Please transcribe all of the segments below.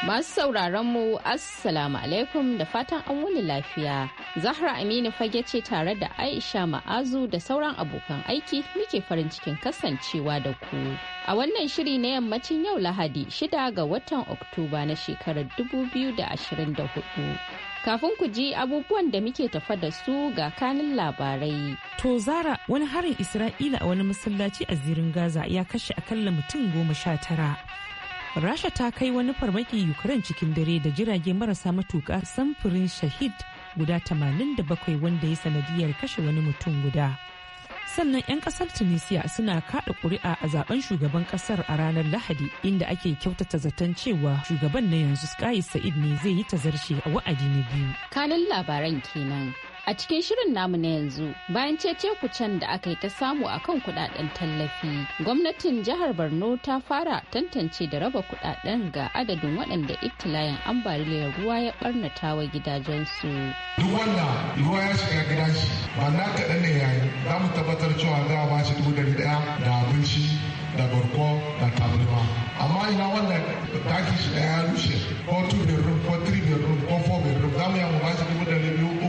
Masu sauraron mu Assalamu alaikum da fatan an wuni lafiya. Zahra Aminu fage ce tare da Aisha Ma'azu da sauran abokan aiki muke farin cikin kasancewa da ku. A wannan shiri na yammacin yau Lahadi shida ga watan Oktoba na shekarar 2024. Kafin ku ji abubuwan da muke tafa da su ga kanin labarai. To Zara wani harin Isra'ila a wani masallaci a zirin Gaza ya kashe akalla mutum goma sha tara. rasha ta kai wani farmaki ukraine cikin dare da jirage marasa matuka samfurin shahid guda 87 wanda ya sanadiyar kashe wani mutum guda sannan 'yan kasar tunisia suna kaɗa ƙuri'a a zaben shugaban kasar a ranar lahadi inda ake kyautata zaton cewa shugaban na yanzu sky sa'id ne zai yi tazarce a wa'adi na biyu kanan labaran kenan a cikin shirin namu na yanzu bayan cece kucen da aka yi ta samu a kan kudaden tallafi gwamnatin jihar borno ta fara tantance da raba kudaden ga adadin waɗanda iftilayen ambaliyar ruwa ya barnata wa gidajensu duk wanda ruwa ya shiga gidan shi ba na kaɗan ne yayi za mu tabbatar cewa za a bashi dubu ɗari ɗaya da abinci da barko da tabarma amma ina wanda taki shi ɗaya ya rushe ko two bedroom ko three bedroom ko four bedroom za mu yi mu ba shi dubu ɗari biyu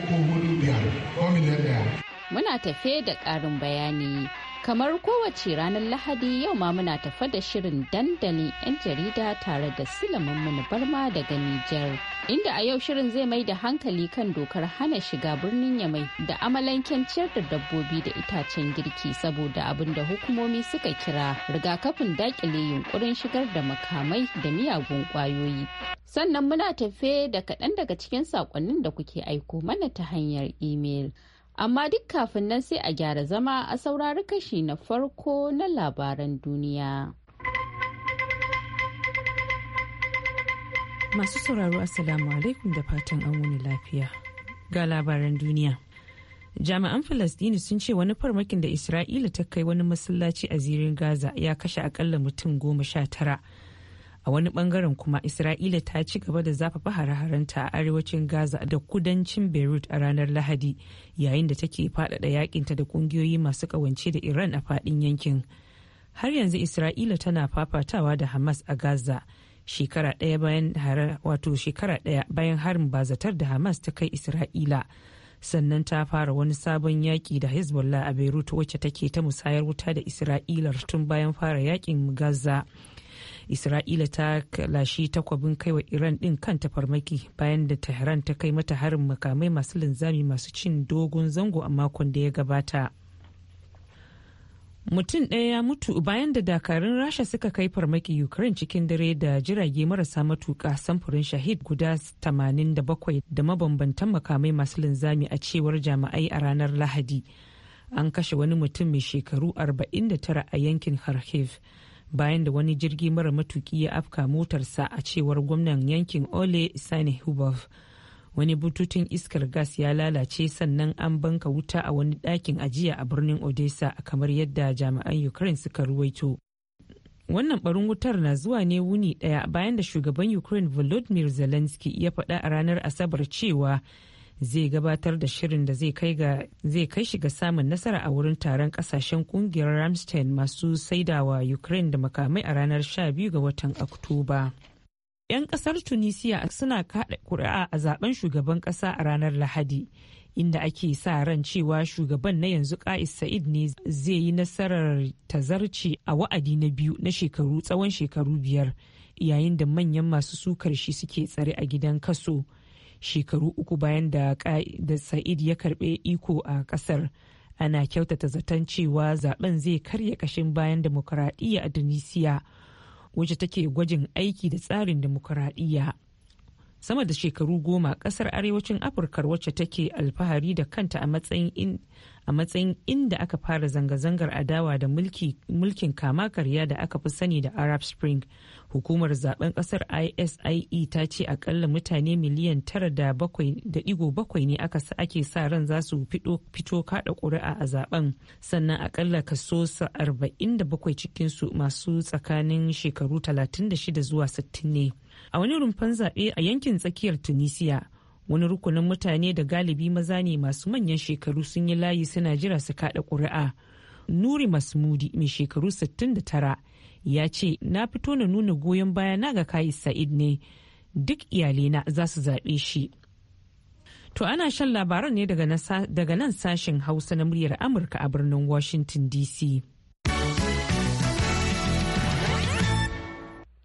muna tafe da ƙarin bayani. Kamar kowace ranar Lahadi yau ma muna tafe da shirin dandalin 'yan jarida tare da silamin barma daga Nijar. Inda a yau shirin zai mai da hankali kan dokar hana shiga birnin Yamai da amalanken ciyar da dabbobi da itacen girki saboda abin da hukumomi suka kira rigakafin dakile yunkurin shigar da makamai da miyagun kwayoyi. Sannan muna tafe da kaɗan daga cikin saƙonnin da kuke aiko mana ta hanyar imel. amma duk kafin nan sai a gyara zama a saurari kashi na farko na labaran duniya. Masu sauraro Assalamu alaikum da fatan an wuni lafiya. Ga labaran duniya. Jami'an Falasdini sun ce wani farmakin da Isra'ila ta kai wani masallaci a zirin Gaza ya kashe akalla mutum goma sha tara a wani bangaren kuma isra'ila ta ci gaba da zafafa hare-harenta a arewacin gaza da kudancin beirut a ranar lahadi yayin da take faɗaɗa yakinta da kungiyoyi masu ƙawance da iran a faɗin yankin har yanzu isra'ila tana fafatawa da hamas a gaza shekara ɗaya bayan wato shekara ɗaya bayan harin bazatar da hamas ta kai isra'ila sannan ta fara wani sabon yaƙi da hezbollah a beirut wacce take ta musayar wuta da isra'ilar tun bayan fara yaƙin gaza isra'ila ta lashi takwabin wa iran din kanta farmaki bayan da tehran ta kai mata harin makamai masu linzami masu cin dogon zango a makon da ya gabata mutum ɗaya ya mutu bayan da dakarun rasha suka kai farmaki ukraine cikin dare da jirage marasa matuƙa samfurin shahid guda 87 da mabambantan makamai masu linzami a cewar jami'ai a ranar lahadi an kashe wani mutum mai shekaru 49 a yankin kharkiv bayan da wani jirgi mara matuki ya afka motarsa a cewar gwamnan yankin ole sani hubov wani bututun iskar gas ya lalace sannan an banka wuta a wani ɗakin ajiya a birnin odessa kamar yadda jami'an ukraine suka ruwaito wannan barin wutar na zuwa ne wuni daya bayan da shugaban ukraine volodymyr zelensky ya faɗa a ranar asabar cewa zai gabatar da shirin da zai kai shi ga samun nasara a wurin taron kasashen kungiyar ramstein masu saidawa ukraine da makamai a ranar 12 ga watan oktoba 'yan kasar tunisia suna kada kuri'a a zaben shugaban kasa a ranar lahadi inda ake sa ran cewa shugaban na yanzu ka'is sa'id ne zai yi nasarar tazarci a wa'adi na biyu na shekaru tsawon shekaru biyar yayin da manyan masu sukar shi suke tsare a gidan kaso. shekaru uku bayan da sa'id ya karbe iko a kasar ana kyautata zaton cewa zaben zai karya kashin bayan demokuraɗiyya a tunisia wacce take gwajin aiki da tsarin demokuraɗiyya sama da shekaru goma kasar arewacin afirkar wacce take alfahari da kanta a matsayin inda aka fara zanga-zangar adawa da mulkin kama karya da aka fi sani da arab spring hukumar zaben kasar isie ta ce akalla mutane miliyan tara da ne aka ake sa ran za su fito kada kuri'a a zaben sannan akalla kaso 47 cikinsu masu tsakanin shekaru 36 zuwa 60 ne a wani rumfan zaɓe a yankin tsakiyar tunisia wani rukunin mutane da galibi maza ne masu manyan shekaru sun yi layi suna jira su kaɗa ƙuri'a nuri masmudi mai shekaru 69 ya ce na fito na nuna goyon baya na ga kayi sa'id ne duk iyalena za su zaɓe shi to ana shan labaran ne daga nan sashen hausa na muryar amurka a birnin washington dc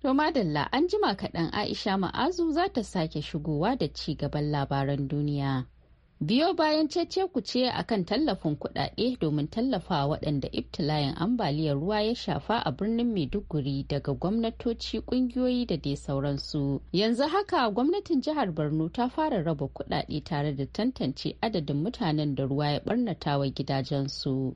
To madalla an jima kaɗan Aisha Ma'azu za ta sake shigowa da ci gaban labaran duniya. Biyo bayan cece ku ce a kan tallafin kuɗaɗe domin tallafa waɗanda ibtila'in ambaliyar ruwa ya shafa a birnin Maiduguri daga gwamnatoci ƙungiyoyi da dai sauransu. Yanzu haka gwamnatin jihar Borno ta fara raba kuɗaɗe tare da tantance adadin mutanen da ruwa ya ɓarnata wa gidajensu.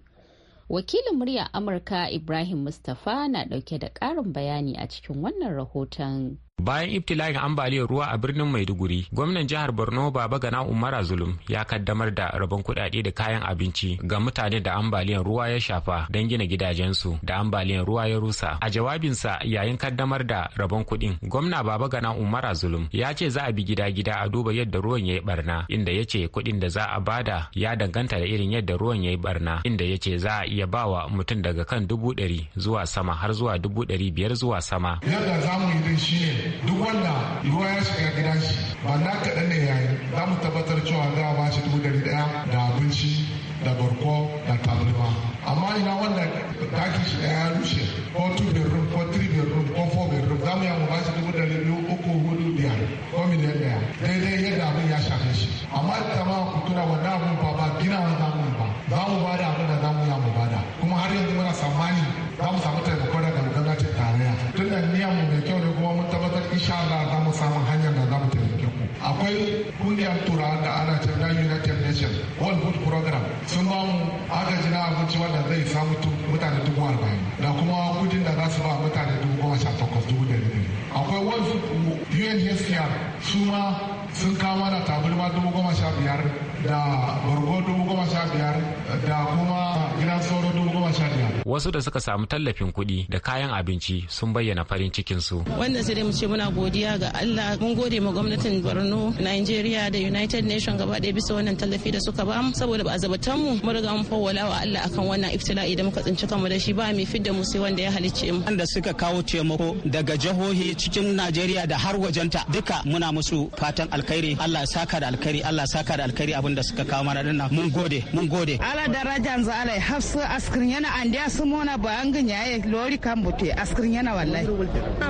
wakilin murya amurka ibrahim mustapha na dauke da karin bayani a cikin wannan rahoton bayan ibtila'in ambaliyar ruwa a birnin maiduguri gwamnan jihar borno baba gana Umar zulum ya kaddamar da rabon kudade da kayan abinci ga mutane da ambaliyar ruwa ya shafa don gina gidajensu da ambaliyar ruwa ya rusa a jawabinsa yayin kaddamar da rabon kudin, gwamna baba gana Umar zulum ya ce za a bi gida-gida a duba yadda ruwan ya yi barna inda ya ce kudin da za a bada ya danganta da irin yadda ruwan ya yi barna inda ya ce za a iya bawa mutum daga kan dubu ɗari zuwa sama har zuwa dubu ɗari biyar zuwa sama. Yadda za mu yi shi ne duk wanda ruwa ya shiga gidan shi ba na kaɗan ne yayi za mu tabbatar cewa za ba shi dubu ɗari ɗaya da abinci da barko da tabarma amma ina wanda daki shi ya rushe ko two bedroom ko three bedroom ko four bedroom za mu yamu ba shi dubu ɗari biyu uku hudu biyar ko miliyan ɗaya daidai yadda abin ya shafe shi amma tama ku tuna wannan abin ba ba gina wa za mu ba za mu bada abin da za mu yamu bada kuma har yanzu muna tsammani za mu samu taimako daga gwamnatin tarayya tun da niyan mu mai kyau ne insha Allah mu samu hanyar da za mu taimake ku akwai kungiyar turawa da ana cewa United Nations World Food Program sun ba mu agaji na abinci wanda zai samu mutane dubu arba'in da kuma kudin da za su ba mutane dubu goma sha takwas dubu ɗari akwai World Food UNHCR suma sun kawo da tabulma dubu goma sha biyar da bargo dubu goma sha biyar da kuma gidan sauro dubu goma sha biyar. Wasu da suka samu tallafin kuɗi da kayan abinci sun bayyana farin cikin su. Wannan sai dai mu ce muna godiya ga Allah mun gode ma gwamnatin Borno, Nigeria da United Nation gaba ɗaya bisa wannan tallafi da suka ba mu saboda ba a zabatan mu mu riga mun fawwala wa Allah akan wannan iftila'i da muka tsinci kanmu da shi ba mai fidda mu sai wanda ya halicce mu. Wanda suka kawo taimako daga jihohi cikin Najeriya da har wajenta duka muna musu fatan alkhairi Allah saka da alkhairi Allah saka da alkhairi abin da suka kawo mana dinnan mun gode mun gode ala darajan za alai hafsu askrin yana andiya su mona ba an ganya ya lori kan bute askrin yana wallahi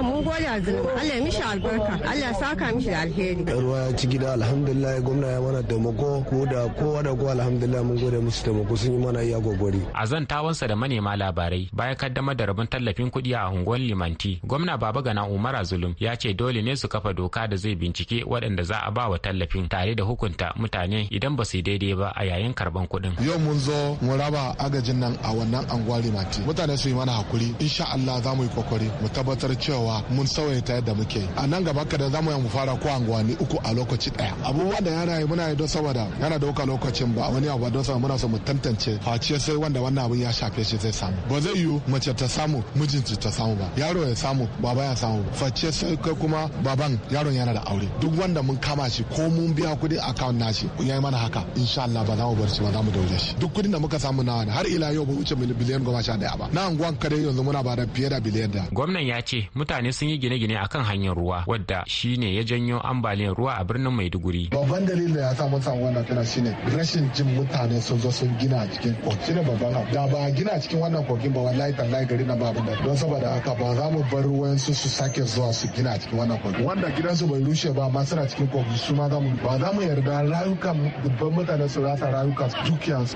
mun gode azin Allah ya mishi albarka Allah saka mishi da alheri ruwa ya ci gida alhamdulillah gwamna ya mana taimako ko da kowa da kowa alhamdulillah mun gode musu taimako sun yi mana iya gogori a tawansa da manema labarai bayan kaddamar da rabin tallafin kuɗi a unguwar limanti gwamna baba gana umara zulum ya ce dole ne su kafa doka da zai bi bincike waɗanda za a ba wa tallafin tare da hukunta mutane idan ba su daidai ba a yayin karban kuɗin. Yau mun zo mu raba agajin nan a wannan anguwa Rimati. Mutane su yi mana hakuri. Insha Allah za mu yi kokari mu tabbatar cewa mun sauya ta yadda muke. A nan gaba kada za mu mu fara ko anguwanni uku a lokaci ɗaya. Abubuwa da yana yi muna yi don saboda yana dauka lokacin ba wani abu don saboda muna so mu tantance face sai wanda wannan abin ya shafe shi zai samu. Ba zai yiwu mace ta samu mijinci ta samu ba. Yaro ya samu baba ya samu. Face sai kai kuma baban yaron yana da aure. aure duk wanda mun kama shi ko mun biya kuɗin account nashi ya yi mana haka insha Allah ba za mu bar shi ba za mu daure shi duk kuɗin da muka samu na har ila yau ba wuce biliyan goma sha daya ba na anguwan kare yanzu muna ba da fiye da biliyan da. gwamnan ya ce mutane sun yi gine-gine akan hanyar ruwa wadda shine ya janyo ambaliyar ruwa a birnin maiduguri. babban dalilin da ya sa mutan wannan wannan shi shine rashin jin mutane sun zo sun gina a cikin kogi ne babban abu da ba gina a cikin wannan kogin ba wallahi tallahi gari na babu da don saboda haka ba za mu bar su su sake zuwa su gina a cikin wannan kogin wanda gidansu bai rushe wuce ba ma suna cikin kogi su ma zamu ba za mu yarda rayukan dubban mutane su rasa rayuka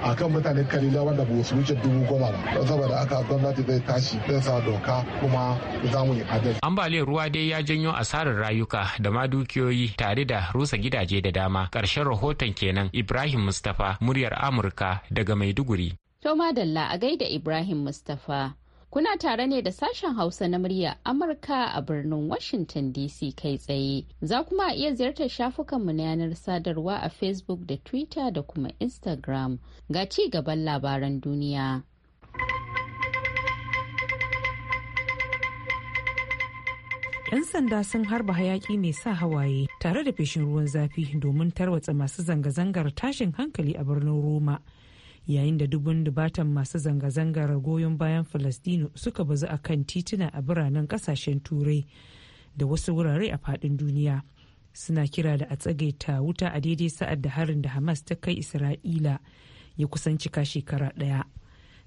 a kan mutane kalila wanda ba su wuce dubu goma ba saboda aka gwamnati zai tashi zai sa doka kuma za mu yi adalci. ambaliyar ruwa dai ya janyo asarar rayuka da ma dukiyoyi tare da rusa gidaje da dama ƙarshen rahoton kenan ibrahim mustapha muryar amurka daga maiduguri. to madalla a gaida ibrahim mustapha. Kuna tare ne da sashen Hausa na murya Amurka a birnin Washington DC kai tsaye. Za kuma a iya ziyartar shafukanmu na yanar sadarwa a Facebook da Twitter da kuma Instagram. Ga ci gaban labaran duniya. ‘Yan sanda sun harba hayaki mai sa hawaye tare da feshin ruwan zafi domin tarwatsa masu zanga-zangar tashin hankali a birnin Roma. yayin da dubun dubatan masu zanga-zangar goyon bayan falastino suka bazu a kan tituna a biranen kasashen turai da wasu wurare a fadin duniya suna kira da a tsagaita wuta a daidai sa'ad da harin da hamas ta kai isra'ila ya kusan cika shekara daya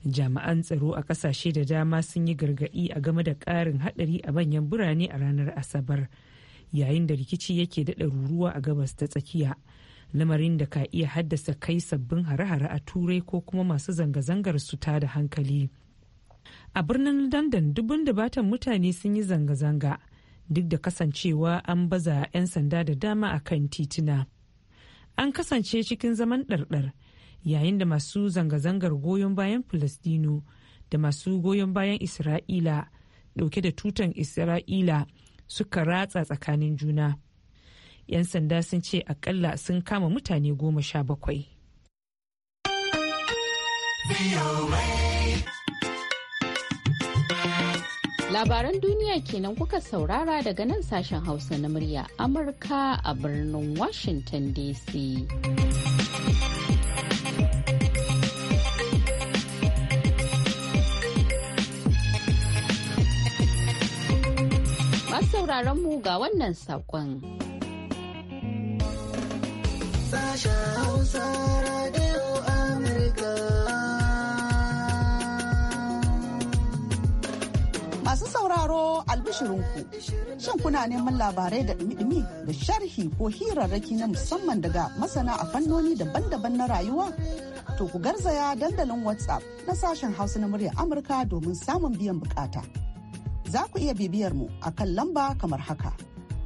jami'an tsaro a kasashe da dama sun yi gargaɗi a game da ƙarin haɗari a manyan birane a ranar asabar yayin da rikici yake daɗa ruruwa a gabas ta tsakiya lamarin da ka iya haddasa kai sabbin hare-hare a turai ko kuma masu zanga-zangar su ta da hankali a birnin london dubun batan mutane sun yi zanga-zanga duk da kasancewa an baza 'yan sanda da dama a kan tituna an kasance cikin zaman ɗarɗar yayin da masu zanga-zangar goyon bayan palestino da masu goyon bayan Isra'ila ɗauke da tutan Isra'ila suka ratsa tsakanin juna. 'yan sanda sun ce akalla sun kama mutane goma sha bakwai. Labaran duniya kenan kuka saurara daga nan sashen Hausa na murya Amurka a birnin Washington DC. Masu mu ga wannan saƙon. Sasha Masu sauraro albishirinku, shin kuna neman labarai da ɗumi da sharhi ko hirarraki na musamman daga masana a fannoni daban-daban na rayuwa? To ku garzaya dandalin WhatsApp na sashen Hausa na muryar Amurka domin samun biyan bukata. Za ku iya bibiyar mu a kan lamba kamar haka.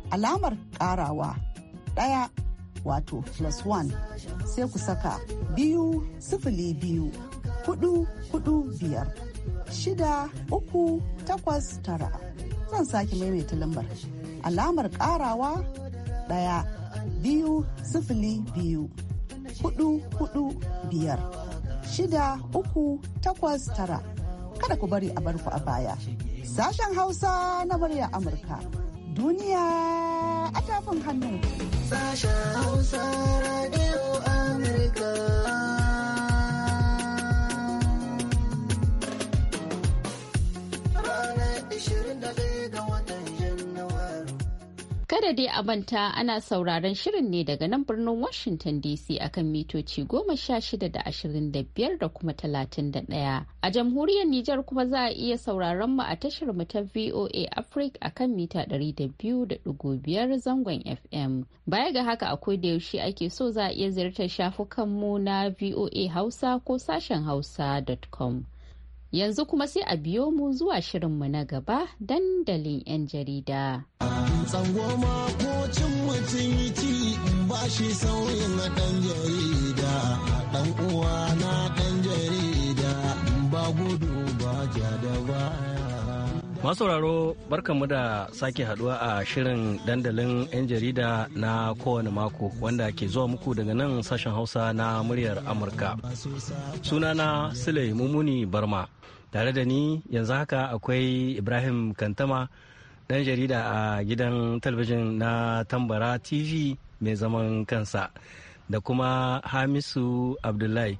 Alamar ƙarawa ɗaya wato plus one sai ku saka biyu sifili biyu hudu hudu biyar shida uku takwas tara zan sake maimaita lambar alamar karawa daya biyu sifili biyu hudu hudu biyar shida uku takwas tara kada ku bari a barku a baya sashen hausa na murya amurka duniya a tafin hannu. Sashen Hausa Radio Amurka. Kada dai a manta ana sauraron shirin ne daga nan birnin Washington DC akan mitoci goma sha shida da ashirin da biyar da kuma talatin da ɗaya. A jamhuriyar Nijar kuma za a iya sauraron mu a tashar mu ta VOA Africa akan mita ɗari da biyu da ɗigo biyar zangon FM. Baya ga haka akwai da yaushe ake so za a iya ziyartar shafukan mu na VOA Hausa ko sashen Hausa.com. Yanzu kuma sai a biyo mu zuwa shirinmu na gaba dandalin 'yan jarida. Tsangwama makocin cin mutum yi ba shi sauyin na ɗan jarida, ɗan uwa na ɗan jarida, ba gudu ba jada ba. barka mu da sake haduwa a shirin dandalin 'yan jarida na kowane mako wanda ke zuwa muku daga nan sashen hausa na muryar amurka sunana sule mumuni barma tare da ni yanzu haka akwai ibrahim kantama dan jarida a gidan talabijin na tambara tv mai zaman kansa da kuma hamisu abdullahi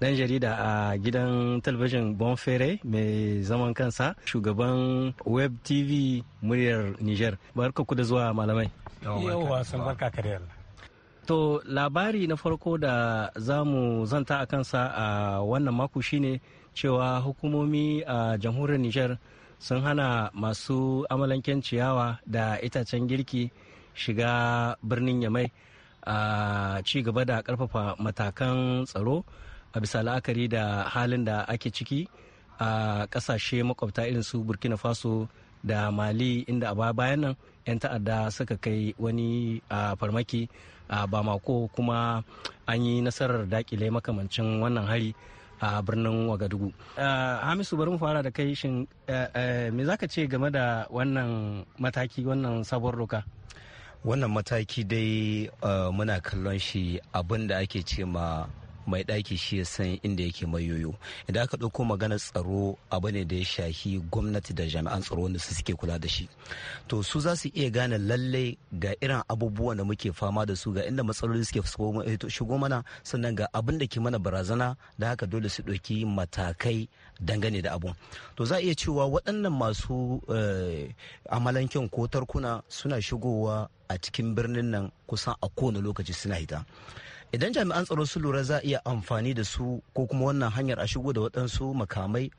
dan jarida a gidan talabijin Bonfere mai zaman kansa shugaban Web TV muryar Niger. Barka ku da zuwa malamai. barka To labari na farko da za mu zanta a kansa a wannan mako shine cewa hukumomi a jamhuriyar Niger sun hana masu amalanken ciyawa da itacen girki shiga birnin Yamai a ci gaba da karfafa matakan tsaro. a bisa la'akari da halin da ake ciki a kasashe makwabta irin su burkina faso da mali inda a bayan nan 'yan ta'adda suka kai wani farmaki a bamako kuma an yi nasarar dakile makamancin wannan hari a birnin wagadugu hamisu bari mu fara da kai shin me zaka ce game da wannan mataki wannan sabon roka wannan mataki dai muna kallon shi abinda da ake ce ma mai ɗaki shi ya san inda yake mayoyo idan aka ɗauko magana tsaro abu ne da ya shahi gwamnati da jami'an tsaro wanda su suke kula da shi to su za su iya gane lallai ga irin abubuwan da muke fama da su ga inda matsaloli suke eh, shigo mana sannan ga abin da ke mana barazana da haka dole su ɗauki matakai dangane da abun to za a iya cewa waɗannan masu eh, amalankin ko tarkuna suna shigowa a cikin birnin nan kusan a kowane lokaci suna hita idan jami'an tsaro su lura za a iya amfani da su ko kuma wannan hanyar a shigo da waɗansu makamai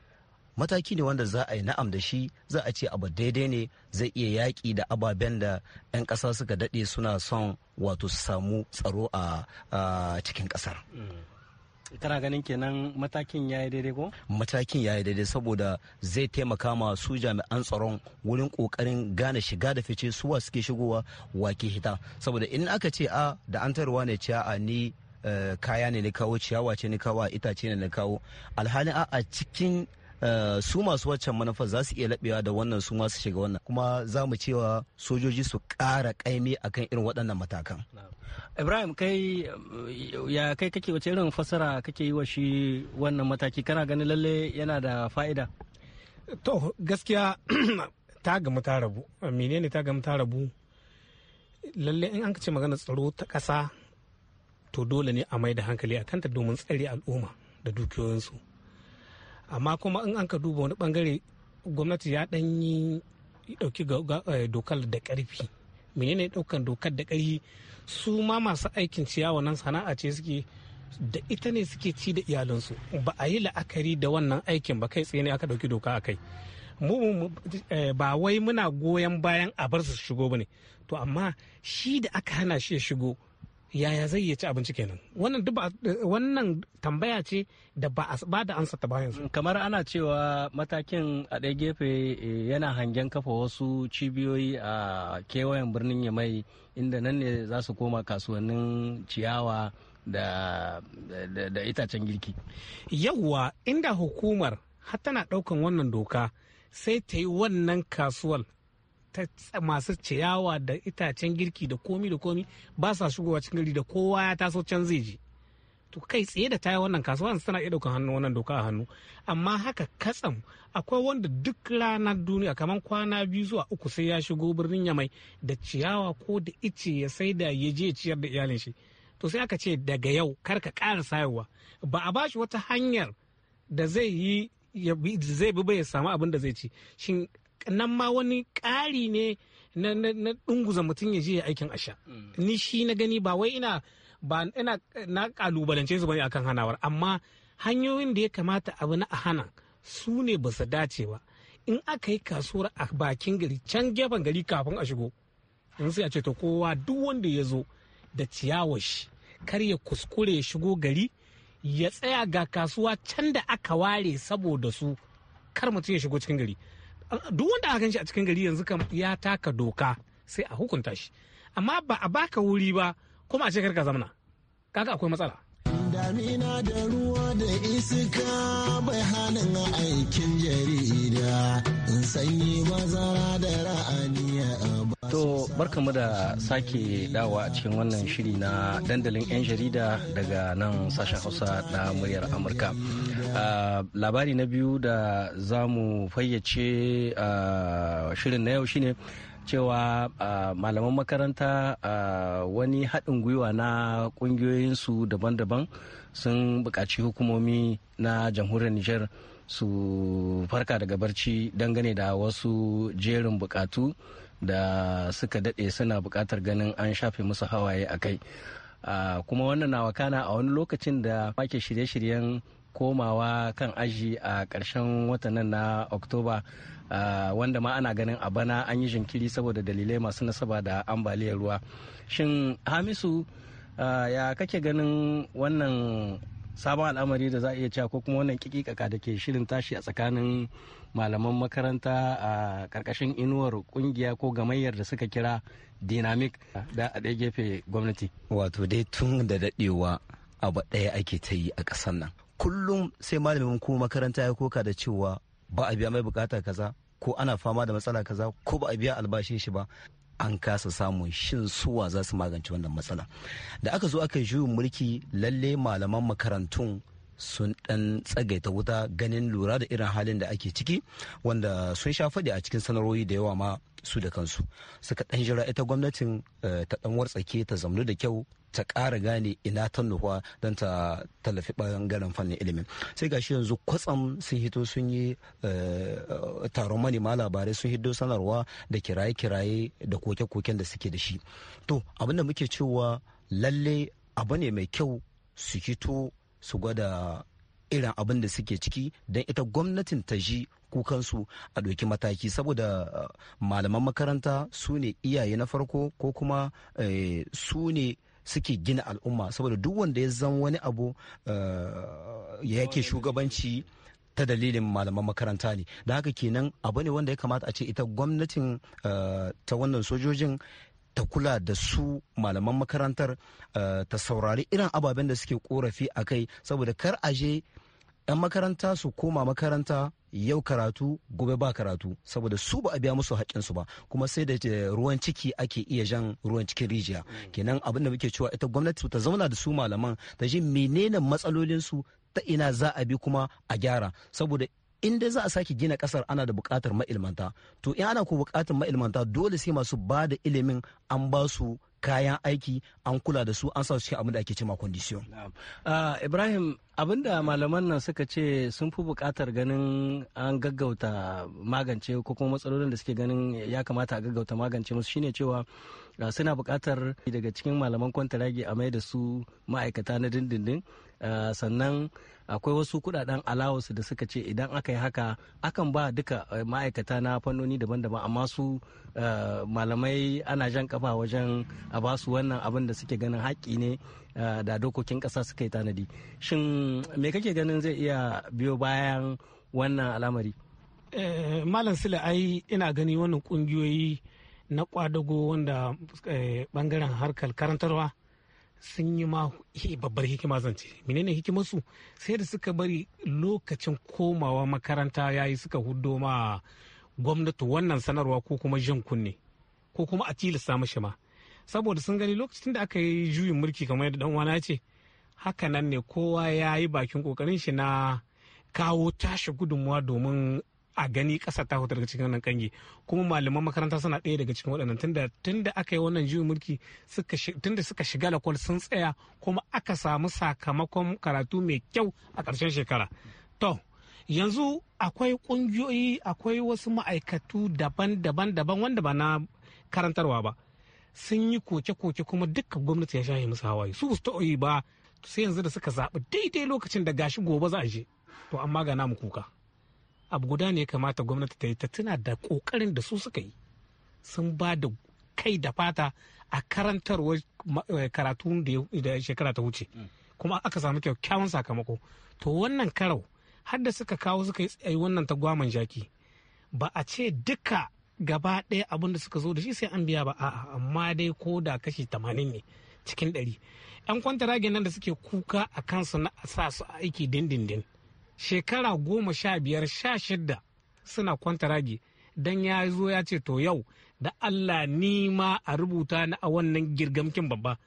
mataki ne wanda za a yi na'am da shi za a ce abu daidai ne zai iya yaƙi da ababen da 'yan ƙasa suka daɗe suna son wato su samu tsaro a cikin ƙasar. Mm. kana ganin kenan matakin ya yi daidai ko matakin ya yi daidai saboda zai taimaka ma su jami'an tsaron wurin kokarin gane shiga da fice suwa suke shigowa wake hita saboda in aka ce a da an tarwa ne ce a ni eh, kaya ne na kawo ciyawa ce na kawo itace ne na kawo alhalin a cikin Eh, su masu waccan manufar za su iya laɓewa da wannan su masu shiga wannan kuma za mu cewa sojoji su kara kaimi akan irin waɗannan matakan. ibrahim kai ya kai kake wace irin fasara kake yi wa shi wannan mataki kana ganin lalle yana da fa'ida to gaskiya ta gamu ta rabu menene ta gamu ta rabu lalle in an ce magana tsaro ta ƙasa to dole ne a mai da hankali a kanta domin tsare al'umma da dukiyoyinsu amma kuma in an ka duba wani bangare gwamnati ya dan yi dauki eh, dokar da karfi menene daukan dokar da karfi su ma masu aikin ciyawa nan sana'a ce suke da ita ne suke ci da iyalansu ba a yi la'akari da wannan aikin ba kai tsaye ne aka dauki doka a kai mu eh, ba wai muna goyon bayan a bar su shigo ba to amma shi da aka hana shi ya shigo yaya zai iya ci abinci kenan wannan duk wannan tambaya ce da ba a ba da ansa ta bayan kamar ana cewa matakin a ɗaya gefe eh, yana hangen kafa wasu cibiyoyi a kewayen birnin yamai inda nan ne za su koma kasuwannin ciyawa da, da itacen girki yauwa inda hukumar har tana ɗaukan wannan doka sai ta yi wannan kasuwar masu ciyawa da itacen girki da komi da komi ba sa shigowa cikin gari da kowa ya taso can zai je to kai tsaye da taya wannan kasuwa tana iya daukan hannu wannan doka a hannu amma haka katsam akwai wanda duk ranar duniya kamar kwana biyu zuwa uku sai ya shigo birnin yamai da ciyawa ko da ice ya sai da ya je ciyar da iyalin shi to sai aka ce daga yau kar ka ƙara sayarwa ba a bashi wata hanyar da zai yi zai bi bai samu abin da zai ci shin nan ma wani ƙari ne na ɗunguza mutum ya je aikin asha mm. ni shi na gani ba wai ina ba ina na kalubalance su bane akan hanawar amma hanyoyin da ya kamata abu na a hana su ne ba su dace ba in aka yi kasuwar a bakin gari can gefen gari kafin a shigo in sai a ce to kowa duk wanda ya zo da ciyawar shi kar ya kuskure ya shigo gari ya tsaya ga kasuwa can da aka ware saboda su kar mutum ya shigo cikin gari duk wanda aka ganshi a cikin gari yanzu kam ya taka doka sai a hukunta shi amma ba a baka wuri ba kuma a ce karka zamana kaga akwai matsala damina da ruwa da iska bai halin aikin jarida in sanyi bazara da ra'ani To barkamu da sake dawa a cikin wannan shiri na dandalin 'yan jarida daga nan sashen Hausa na muryar Amurka. labari na biyu da za mu fayyace shirin na yau shine cewa malaman makaranta wani haɗin gwiwa na ƙungiyoyinsu daban-daban sun buƙaci hukumomi na jamhuriyar Nijar. su farka daga barci dangane da wasu jerin bukatu da suka daɗe suna buƙatar ganin an shafe musu hawaye a kai kuma wannan na wakana a wani lokacin da ake shirye-shiryen komawa kan aji a ƙarshen watan na oktoba wanda ma ana ganin a bana an yi jinkiri saboda dalilai masu nasaba da ambaliyar ruwa shin hamisu ya kake ganin wannan sabon al'amari da za a iya cewa ko kuma wannan kikikaka da ke shirin tashi a tsakanin malaman makaranta a karkashin inuwar ƙungiya ko gamayyar da suka kira dynamic da a ɗaya gefe gwamnati wato dai tun da daɗewa abu ɗaya ake ta yi a ƙasar nan kullum sai malamin ko makaranta ya koka da cewa ba a biya mai bukata kaza ko ana fama da matsala kaza ko ba a biya albashin shi ba an kasa samun shin suwa za su magance wannan matsala da aka zo aka yi juyin mulki lalle malaman makarantun sun dan tsagaita wuta ganin lura da irin halin da ake ciki wanda sun sha faɗi a cikin sanarwoyi da yawa ma su da kansu suka dan jira ita gwamnatin eh, ta dan wartsake ta zamnu da kyau ta ƙara gane ina ta nufa don ta tallafi ɓangaren fannin ilimin sai ga shi yanzu kwatsam sun hito sun yi eh, taron manema labarai sun hito sanarwa da kiraye-kiraye da koke-koken da suke da shi to abinda muke cewa lalle abu ne mai kyau su hito su gwada irin abin da suke ciki don ita gwamnatin ta ji kukansu a ɗauki mataki saboda eh, malaman makaranta su ne iyaye na farko ko kuma eh, su ne suke gina al'umma saboda duk wanda ya zan wani abu eh, ya yake shugabanci ta dalilin malaman makaranta ne da haka kenan abu ne wanda ya kamata a ce ita gwamnatin ta wannan sojojin ta kula da su malaman makarantar eh, ta saurari irin ababen da suke korafi a kai saboda kar aje 'yan makaranta su koma makaranta yau karatu gobe ba karatu saboda su ba a biya musu haƙƙinsu ba kuma sai da eh, ruwan ciki ake iya jan ruwan cikin rijiya kenan abin da muke cewa ita gwamnati ta zauna da su malaman ta ji menene matsalolinsu ta ina za a bi kuma a gyara saboda in dai za a sake gina kasar ana da bukatar ma'ilmanta to in ana ko bukatar ma'ilmanta dole sai masu ba da ilimin an ba su kayan aiki an kula da su an sa su cikin abin da ake cema condition. Ah, Ibrahim abinda malaman nan suka ce sun fi bukatar ganin an gaggauta magance ko kuma matsalolin da suke ganin ya kamata a gaggauta magance musu shine cewa ah, suna bukatar daga cikin malaman kwantaragi a mai da su ma'aikata na dindindin Eh, sannan akwai wasu kudaden allowance da suka ce idan aka yi haka akan ba duka eh, ma'aikata na fannoni daban-daban amma su eh, malamai ana jan kafa wajen a ba su wannan abin da suke ganin haƙƙi ne da dokokin ƙasa suka yi tanadi shin me kake ganin zai iya biyo bayan wannan al'amari malam sila ai ina gani wannan kungiyoyi na kwadago wanda bangaren harkar karantarwa sun yi ma babbar hikima zance menene hikimarsu sai da suka bari lokacin komawa makaranta yayi suka hudo ma gwamnati wannan sanarwa ko kuma jin kunne ko kuma a tilasta mashi ma saboda sun gani lokacin da aka yi juyin mulki kamar yadda dan wana ce haka nan ne kowa ya yi bakin kokarin shi na kawo tashi gudunmuwa domin a gani ƙasa ta hutu daga cikin wannan kangi kuma malaman makaranta suna ɗaya daga cikin waɗannan tunda tunda aka yi wannan juyin mulki tunda suka shiga lakwal sun tsaya kuma aka samu sakamakon karatu mai kyau a ƙarshen shekara to yanzu akwai ƙungiyoyi akwai wasu ma'aikatu daban-daban daban wanda ba na karantarwa ba sun yi koke-koke kuma duka gwamnati ya shahi musu hawaye su su ba sai yanzu da suka zaɓi daidai lokacin da gashi gobe za a je to amma ga mu kuka abu guda ne ya kamata gwamnati ta yi ta tuna da kokarin da su suka yi sun ba da kai da fata a karantarwar eh, karatu da shekara ta wuce mm. kuma aka samu kyakkyawan sakamako to wannan karau har da suka kawo suka yi wannan ta gwaman jaki ba a ce duka gaba ɗaya abin da suka zo da shi sai an biya ba a amma dai ko da kashi tamanin ne cikin ɗari yan kwantaragen nan da suke kuka a kansu na sa su aiki dindindin shekara goma sha biyar sha shidda suna kwantaragi don ya zo ya ce to yau da allah ni ma a rubuta na a wannan girgamkin babba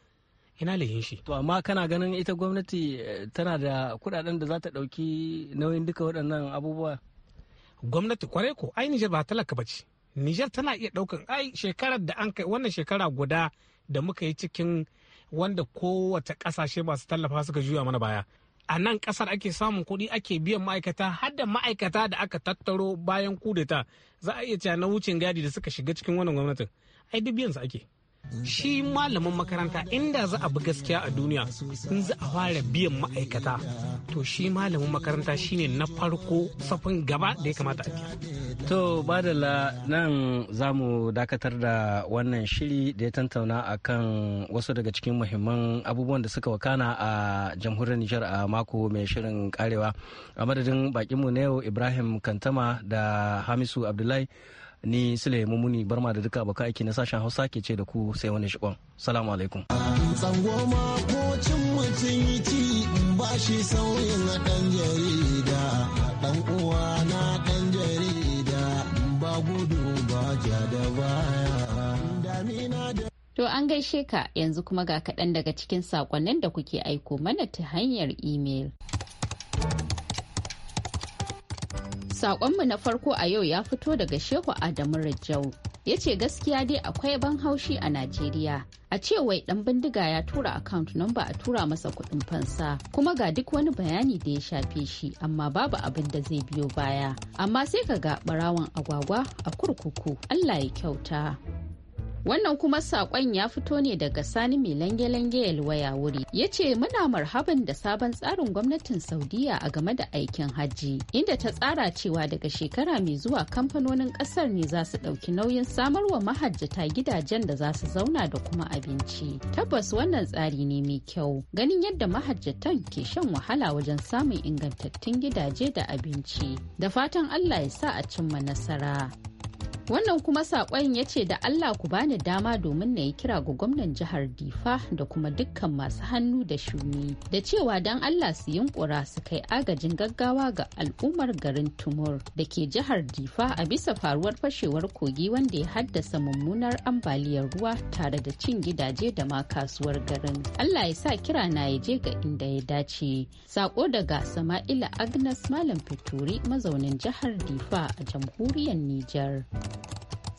ina lahin shi. To amma kana ganin ita gwamnati eh, tana da kudaden da za ta dauki nauyin duka waɗannan abubuwa? Gwamnati kwarai ko ai Nijar ba talaka bace. Nijar tana iya daukan ai shekarar da an kai wannan shekara guda da muka yi cikin wanda kowace kasashe masu tallafa suka juya mana baya. a nan kasar ake samun kuɗi ake biyan ma'aikata har ma'aikata da aka tattaro bayan kudeta za a iya cewa na wucin gadi da suka shiga cikin wannan gwamnatin ai duk biyan su ake shi malamin makaranta inda za a bi gaskiya a duniya in za a fara biyan ma'aikata to shi malamin makaranta shine na farko safin gaba da ya kamata a biya to badala nan za mu dakatar da wannan shiri da ya tantauna a kan wasu daga cikin muhimman abubuwan da suka wakana a jamhuriyar nijar a mako mai shirin karewa a madadin bakinmu na yau ibrahim kantama da hamisu abdullahi ni sule mumuni barma da duka baka aiki na sashen hausa ke ce da ku sai wani shikon salamu alaikum sauyin jarida uwa na jarida To an gaishe ka yanzu kuma ga kaɗan daga cikin saƙonnin da kuke aiko mana ta hanyar imel. Sakonmu na farko a yau ya fito daga Shehu Adamu Rajau. Ya ce gaskiya dai akwai ban haushi a Najeriya. A ce wai dan bindiga ya tura account number a tura masa kuɗin fansa. Kuma ga duk wani bayani da ya shafe shi amma babu abin da zai biyo baya. Amma sai ka ga barawan agwagwa a kurkuku. Allah ya kyauta. Wannan kuma sakon ya fito ne daga Sani mai lange-lange yalwaya wuri. Ya ce muna marhaban da sabon tsarin gwamnatin Saudiya a game da aikin hajji, inda ta tsara cewa daga shekara mai zuwa kamfanonin kasar ne za su ɗauki nauyin samarwa mahajjata gidajen da za su zauna da kuma abinci. Tabbas wannan tsari ne mai kyau, ganin yadda mahajjatan ke shan wahala wajen samun ingantattun gidaje da abinci. Da fatan Allah ya sa a cimma nasara. wannan kuma saƙon ya ce da allah ku bani dama domin na yi kira ga gwamnan jihar difa da kuma dukkan masu hannu da shuni da cewa don allah su yunkura su kai agajin gaggawa ga al'ummar garin tumur da ke jihar difa a bisa faruwar fashewar kogi wanda ya haddasa mummunar ambaliyar ruwa tare da cin gidaje da ma kasuwar garin allah ya sa kira na ya je ga inda ya dace sako daga sama'ila agnes malam fituri mazaunin jihar difa a jamhuriyar niger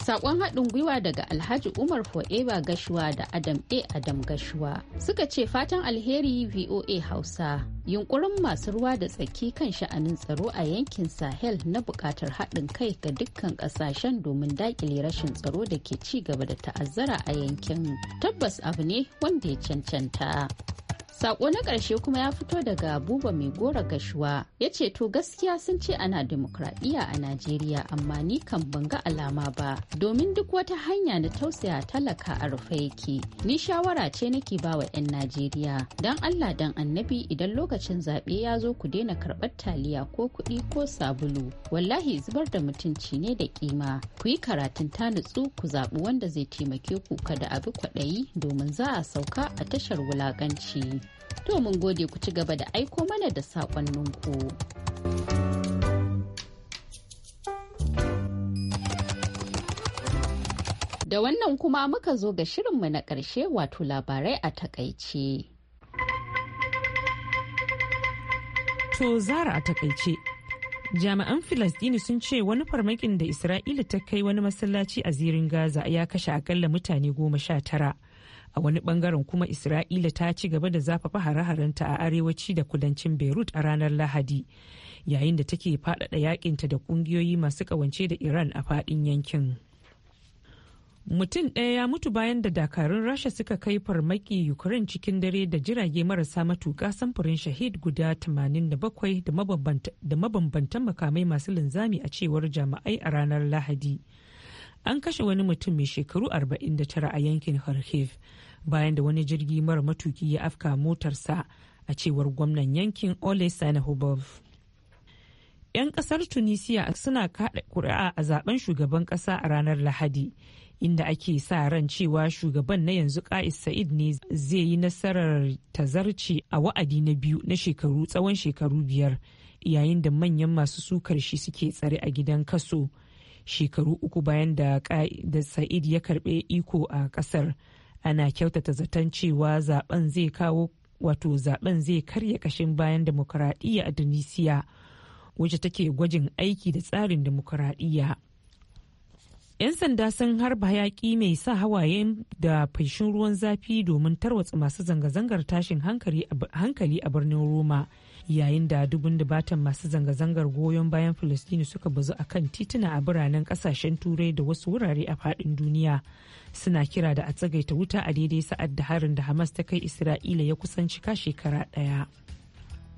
Sakon haɗin gwiwa daga Alhaji Umar Fo'eba Gashuwa da Adam A. Adam Gashuwa suka ce fatan alheri VOA Hausa yunkurin masu ruwa da tsaki kan sha'anin tsaro a yankin Sahel na buƙatar haɗin kai ga dukkan ƙasashen domin daƙile rashin tsaro da ke ci gaba da ta'azzara a yankin tabbas abu ne wanda ya cancanta. Sako na ƙarshe kuma ya fito daga buba mai gora gashuwa ya ce to gaskiya sun ce ana demokradiyya a Najeriya amma ni kan banga alama ba domin duk wata hanya na tausaya talaka a rufe yake. Ni shawara ce nake ba wa 'yan Najeriya don Allah dan annabi idan lokacin zaɓe ya zo ku daina karɓar taliya ko kuɗi ko sabulu wallahi zubar da mutunci ne da kima ku yi karatun ta nutsu ku zaɓi wanda zai taimake ku kada abi kwaɗayi domin za a sauka a tashar wulakanci. To mun gode ku ci gaba da aiko mana da saƙonninku. Da wannan kuma muka zo ga shirinmu na ƙarshe wato labarai a takaice. To zara a takaice. jami'an filistini sun ce wani farmakin da isra'ila ta kai wani masallaci a zirin gaza ya kashe akalla mutane goma sha tara a wani bangaren kuma isra'ila ta ci gaba da zafafa hare-harenta a arewaci da kudancin beirut a ranar lahadi yayin da take faɗaɗa yakinta da ƙungiyoyi masu ƙawance da iran a faɗin yankin mutum ɗaya ya mutu bayan da dakarun rasha suka kai farmaki ukraine cikin dare da jirage marasa matuƙa samfurin shahid guda 87 da mabambantan makamai masu linzami a cewar jami'ai a ranar lahadi. an kashe wani mutum mai shekaru 49 a yankin kharkiv bayan da wani jirgi mara matuki ya afka motarsa a cewar gwamnan yankin ole sanahubov 'yan kasar tunisia suna kada kuri'a a zaben shugaban kasa a ranar lahadi inda ake sa ran cewa shugaban na yanzu ka'is sa'id ne zai yi nasarar tazarci a wa'adi na biyu na shekaru tsawon shekaru biyar yayin da manyan masu sukar shi suke tsare a gidan kaso shekaru uku bayan da sa'id ya karbe iko a kasar ana kyautata zaton cewa zaben zai kawo wato zaben zai karya kashin bayan demokuraɗiyya a tunisia wacce take gwajin aiki da tsarin demokuraɗiyya 'yan sanda sun harba yaƙi mai sa hawaye da fashin ruwan zafi domin tarwatsa masu zanga-zangar tashin hankali a birnin roma yayin da dubun dubatan masu zanga-zangar goyon bayan filistini suka bazu a kan tituna a biranen kasashen turai da wasu wurare a faɗin duniya suna kira da a tsagaita wuta a daidai sa'ad da harin da hamas ta kai isra'ila ya kusanci ka shekara ɗaya.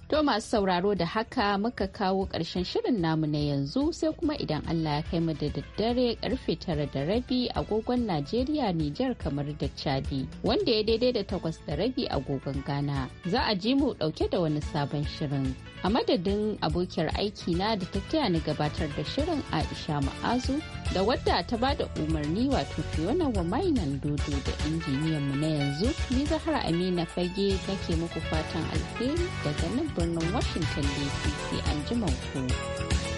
To masu sauraro da haka muka kawo ƙarshen shirin namu na yanzu sai kuma idan Allah ya kai mu da daddare karfe tara da rabi agogon Najeriya Nijar kamar da Chadi wanda ya daidai da takwas da rabi agogon Ghana. Za a ji mu ɗauke da wani sabon shirin. a madadin abokiyar aiki na da ta taya ni gabatar da shirin aisha ma'azu da wadda ta bada umarni wato fiona wa mainan dodo da injiniyan mu na yanzu ni zahar amina fage nake muku fatan alheri daga nan birnin washington dc sai an ku.